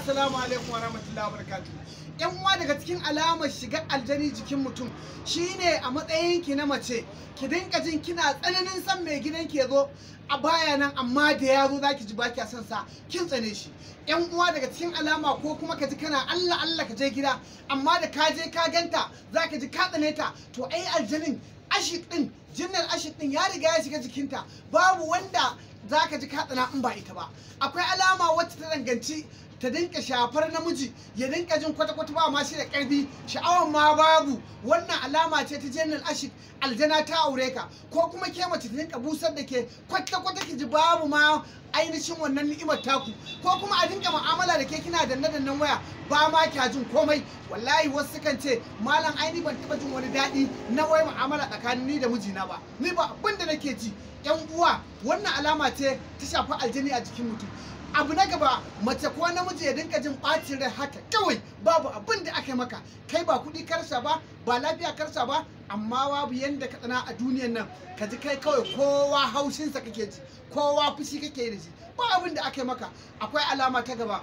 assalamu alaikum warahmatullahi wabarakatuh yan uwa daga cikin alamar shiga aljani jikin mutum shine a matsayin ki na mace ki dinka jin kina tsananin san mai gidan ki zo a baya nan amma da ya zo zaki ji baki son sa kin tsane shi yan uwa daga cikin alama ko kuma ka ji kana Allah Allah ka je gida amma da ka je ka ganta zaka ji ka tsane ta to ai aljanin ashik din jinnar ashik din ya riga ya shiga jikinta babu wanda zaka ji ka tsana in ba ita ba akwai alama wacce ta danganci ta dinka shafar namiji ya dinka jin kwata-kwata ba ma shi da ƙarfi sha'awar ma babu wannan alama ce ta jannal ashik aljana ta aure ka ko kuma ke mace ta dinka busar da ke kwata-kwata ki ji babu ma ainihin wannan ni'imar taku ko kuma a dinka mu'amala da ke kina danna dannan waya ba ma kya jin komai wallahi wasu kan ce malam aini ban taba jin wani daɗi na wai mu'amala tsakanin ni da mijina ba ni ba abin da nake ji yan uwa wannan alama ce ta shafi aljani a jikin mutum abu na gaba mace ko namiji ya dinka jin ɓacin rai haka kawai babu abin da aka maka kai ba kudi karsa ba ba lafiya karsa ba amma babu yanda ka tsana a duniyan nan ka ji kai kawai kowa haushinsa kake ji kowa fushi kake da ji ba abin da aka maka akwai alama ta gaba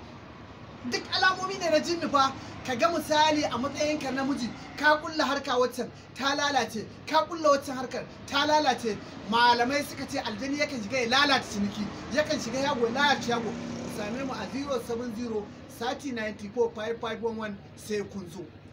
duk alamomi ne na jinni fa ka ga misali a matsayinka namiji ka kulla harka waccan ta lalace ka kulla waccan harkar ta lalace malamai suka ce aljani yakan shiga ya lalata ciniki yakan shiga yago ya lalata yago same mu a 070 3094 5511 sai kun zo